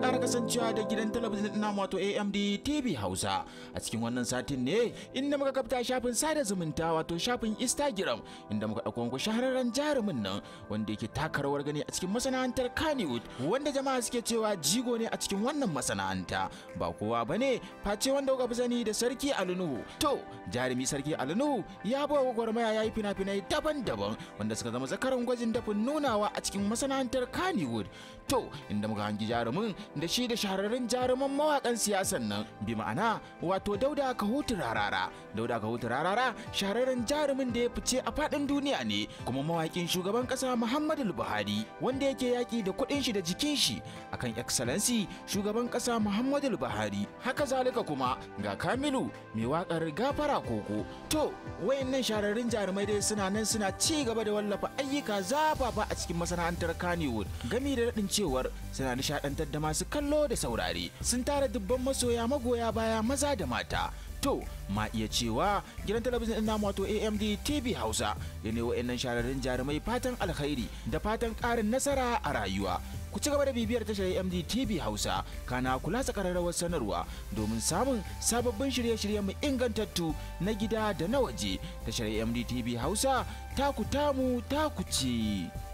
da kasancewa da gidan talabijin na wato AMD TV Hausa. A cikin wannan satin ne inda muka kafta shafin sada zumunta wato shafin Instagram inda muka dauko shahararren jarumin nan wanda yake taka rawar gani a cikin masana'antar Kannywood wanda jama'a suke cewa jigo ne a cikin wannan masana'anta ba kowa bane face wanda kuka fi sani da Sarki Alinuhu. To jarumi Sarki Alunu ya bawa gwagwarmaya ya yi fina-finai daban-daban wanda suka zama zakaran gwajin dafin nunawa a cikin masana'antar Kannywood. To inda muka hangi jarumin da shi da shahararrun jaruman mawakan siyasan nan bi ma'ana wato dauda kahutu rarara dauda kahutu rarara shahararren jarumin da ya fice a fadin duniya ne kuma mawakin shugaban kasa muhammadu buhari wanda yake yaki da kudin shi da jikin shi akan excellency shugaban kasa muhammadu buhari haka zalika kuma ga kamilu mai wakar gafara koko to wayannan shahararrun jarumai dai suna nan suna ci gaba da wallafa ayyuka zafafa a cikin masana'antar kanewood gami da daɗin cewar suna nishaɗantar da masu masu kallo da saurari sun tara dubban masoya magoya baya maza da mata to ma iya cewa gidan talabijin ɗin namu wato AMD TV Hausa ya ne wa'annan shahararrun jarumai fatan alkhairi da fatan ƙarin nasara a rayuwa ku ci gaba da bibiyar tashar AMD TV Hausa kana kula rawar sanarwa domin samun sababbin shirye-shiryen mu ingantattu na gida da na waje tashar AMD TV Hausa ta ku tamu ku ce.